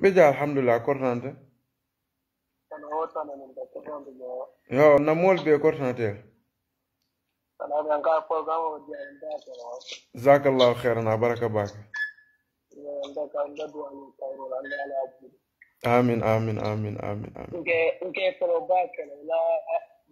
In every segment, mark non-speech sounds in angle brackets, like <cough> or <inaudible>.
بيجا الحمد لله كورتنا يا نمول بي كورتنا تيل جزاك الله خيرا بارك باك آمين آمين آمين آمين آمين.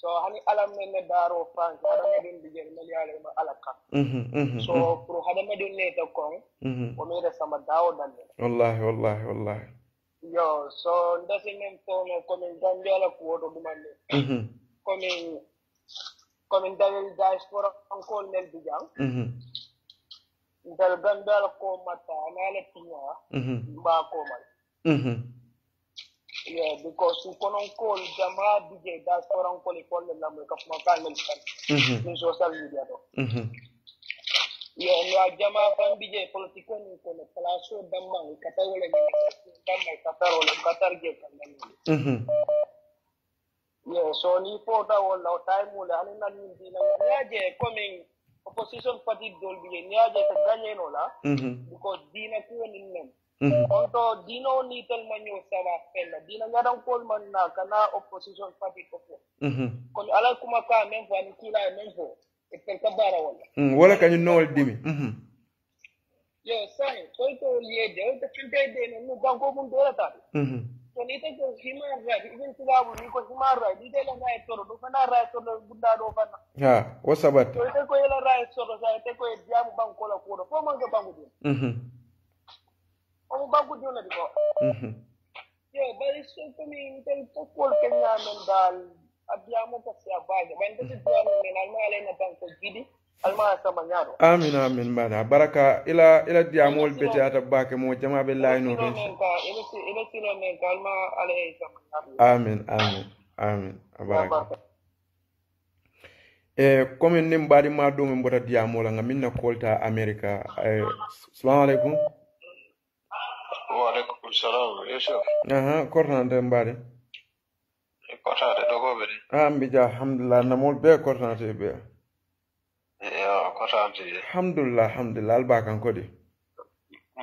so hani ala men ne daaro france hadamaden bijel mel yaale ma ala kan so mm-hmm, mm-hmm, mm-hmm. pour hadamaden ne ta kon o mere sama dawo dande wallahi wallahi wallahi yo so ndasi men fono komin gambia ala ko wodo dumande komin komin dalel diaspora ankol nel bijang ndal gambia ala ko matta ana ala tinya mba ko mal yeah because quote call jamaa dj that's quote unquote école de l'amour ka kuma ka ngel kan in social media do not ni a jamaa fan dj politique ni ko ne place damma ni kata wala ni damma kata wala kata je kan mhm yo so ni po time wala ani nan ni dina coming opposition party dolbi ni aje because dina ko ni nem onto Dino Nitel Manyusawa Fella, Dino Yarang Polman na kana opposition party ko ko. Kon ala kuma ka men fa ni kila men fo. Ipel ka bara wala. Wala kan you know dimi. Yo sai, ko to liye de, to kinte de ne mu banko mun dora ta. So ni te ko human right, even kila bu ni ko human right, ite la right toro, do fana right toro bunda do fana. Ha, what's about? So ite ko ila right toro, sa ite ko e diamu banko la ko do. Fo man ko banko. Mhm. ọmọ bá gùn dúró nàdìbọ. yóò bẹ́ẹ̀ sọ fún mi nítorí tó kó kẹ́ńyà mi dà abiyamọ kasi abaaje bẹ́ẹ̀ nítorí tó yà mí nà alima alẹ́ nà banko gidi alima sama nyaro. amin amin bana baraka ila ila diyamol bete ata baake mo jama be layi no fɛn. ila tilo min ka alima alẹ́ sama nyaro. amin amin amin abaraka. Eh, komin nin baɗi ma diyamola nga min kolta america eh, salamu alaikum aleykum salam yusuf aha kornante mbaɗi e, kortante dogoɓe ɗi a ah, mbiɗa alhamdulillah namol be kortante ɓe yo kortante alhamdulillah alhamdulillah albakan kodi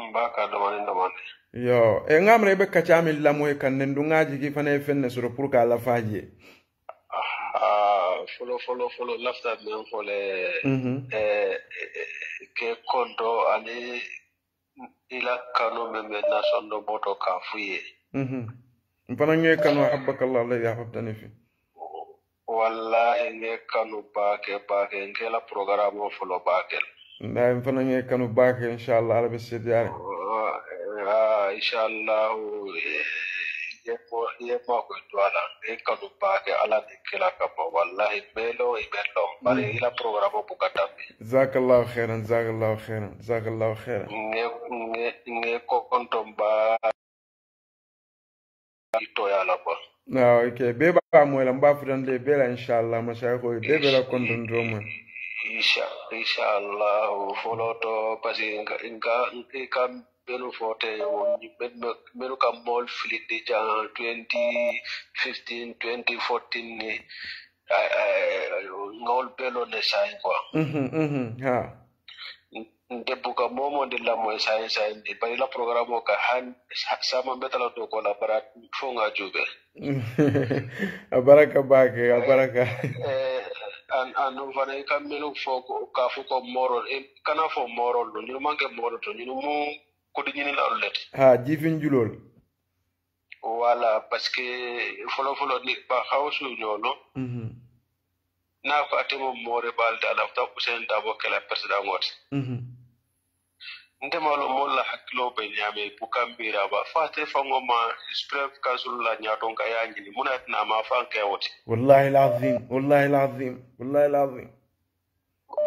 mbaka domani domani yo e ngamre ɓe kacami lamoy kannen ɗuŋaji ki fana e fenne soro pour que a lafaji ah, folo folo folo lafta men fole mhm. e, e, e ke konto ani ila kano men ɓe nasondo boto ka fuye fana mhm. ŋe kano habbakallah alladhi ahbabtani fi wallahi ŋe kano baake baake nkela programme o folo baakel nda en fana ŋe kano baake inchallah ala ɓe seediyare oh, eh, ah, inchallahu oh, eh. e don a la i kanu a kɛ ala ni kira kama walahi e i bɛ lɔn bari i la programme b'u ka daminɛ. zakalaw hɛrɛn zakalaw hɛrɛn zakalaw hɛrɛn. n ye kɔkɔntɔn ba i tɔya la quoi. Ah, ok bɛɛ b'a mɔ la n b'a fɔ dante la inshallah mas ko bɛɛ bɛ la kɔntɔn dɔrɔn inshallah inshallah o fɔlɔ tɔ parce que nka ka belu fote menu kam mol filidi jan 2015 2014 ni ngol belo ne sai kwa mhm mhm ha debbo ka momonde lammo e sayen sayen ɗi bari la programme o ka han sama betala to ko labara fo ga juuɓe <laughs> baraka baake baraka <laughs> eh, an an ɗum fana kamɓe fo ka fo ko morol kana fo morol ɗo ñinu manque morol to ñinu mu kodi ñinila olu le ti ha ah, jifin julol wala parce que folo folo ni ba hawo su ñolo mm -hmm. na fa atemo more balta ala ta kusen da bo kala president ngoti mm -hmm. nte malo molla hakkilo be ñaame bu kambira ba fa te fango ma spref kasul la ñaton ka ya ñini munat na ma fan ke woti wallahi alazim wallahi alazim wallahi alazim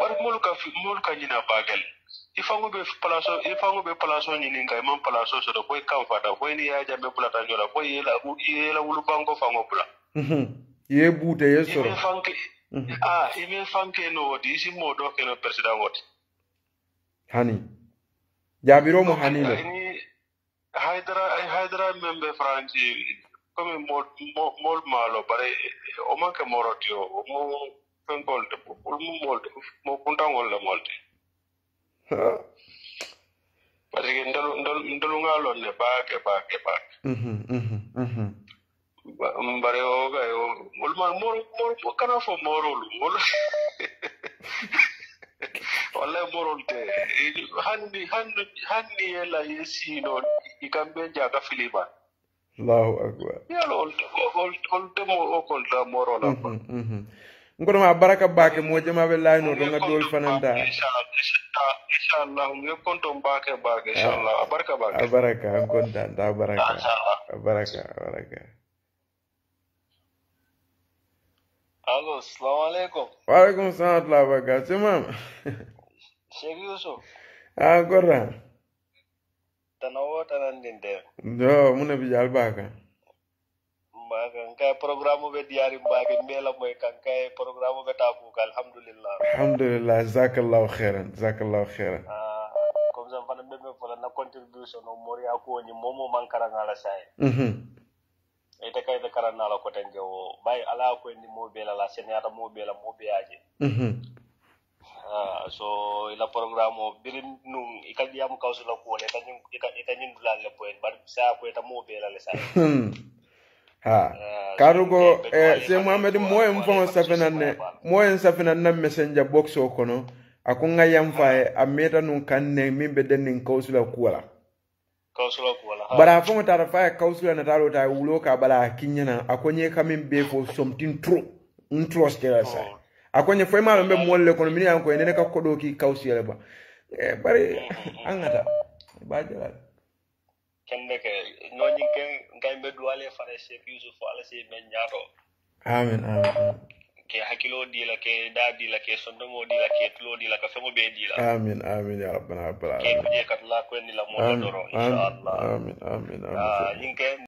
bar mul ka ñina bagel i fanko be palaso i fanko be palaso ɲini ka i man palaso sɔrɔ ko i kan fata ko i ni y'a jabe bulata jɔ la ko i yela wulubanko fanko bula i mhm. ye bute ye sɔrɔ mhm. a i be fanke no woti i si mo dɔ keno peresidan woti hani jaabiro mo hani lo haydara haydara men be faransi comme mol maalo bare o man ke moroti o mo fenkol mo kuntaŋol le molti par ce que ndalungalon ne baake baake baake mbare o ga o olma moro moro kana fo morol mol wallahi morol te hanni hanni hanni yela yesino ikambe jaga filiman allahu akbar yalo oltemo o kolta morola ngoɗoma baraka bake mojamaɓe layno ɗo gaddi ol fananta inshallah yo konton bake bake inshallah baraka bake baraka an kontanta baraka baraka baraka allo assalamu alaikum wa alaikum assalam wa rahmatullahi wa barakatuh mam sheikh yusuf ah gorra tanawota nan dinde do muna bijal baka ma kan kay programme be diari mbake mbela moy kan programme be taku ka alhamdulillah alhamdulillah jazakallahu khairan jazakallahu khairan ah comme ça fana bebe fala na contribution no mori ako ni momo mankara ngala sai mhm ita kay da karana la ko tange o bay ala ko ni mo bela la sen mo bela mo beaje mhm Uh, so ila programo birin nung ikadiyam kausulo ko le kanyum ikanyum dulal le poen bar saya aku ta mo bela le ha ah. karugo eh, se muhammad moye mfaŋo safina ne moye safina na messenger box o kono a ko ŋa yan fa ye a ah. meta nun kan ne min be den kausula kuwala kuwa la bari a fɔŋo taara fa ye kawsula nataara o ta ye oh. wulo ka bala a kiɲana a ko ɲe ka min be fo somtin tro n tros kela a ko ɲe fo i maa lon be moolu le kono min yan ko ye ne ne ka kodo k'i kawsu yɛlɛ ba eh, bari mm, mm, mm. an ŋa ta b'a jala kende ke noñin ken ngambe duwale fare chef yusuf ala si men ñaato amin amin ke di dila ke da dila ke di dila ke di dila ka fengo be dila amin amin ya rabbana rabbal alamin ke kuje kat la ko ni la mo doro inshallah amin amin amin amin nah,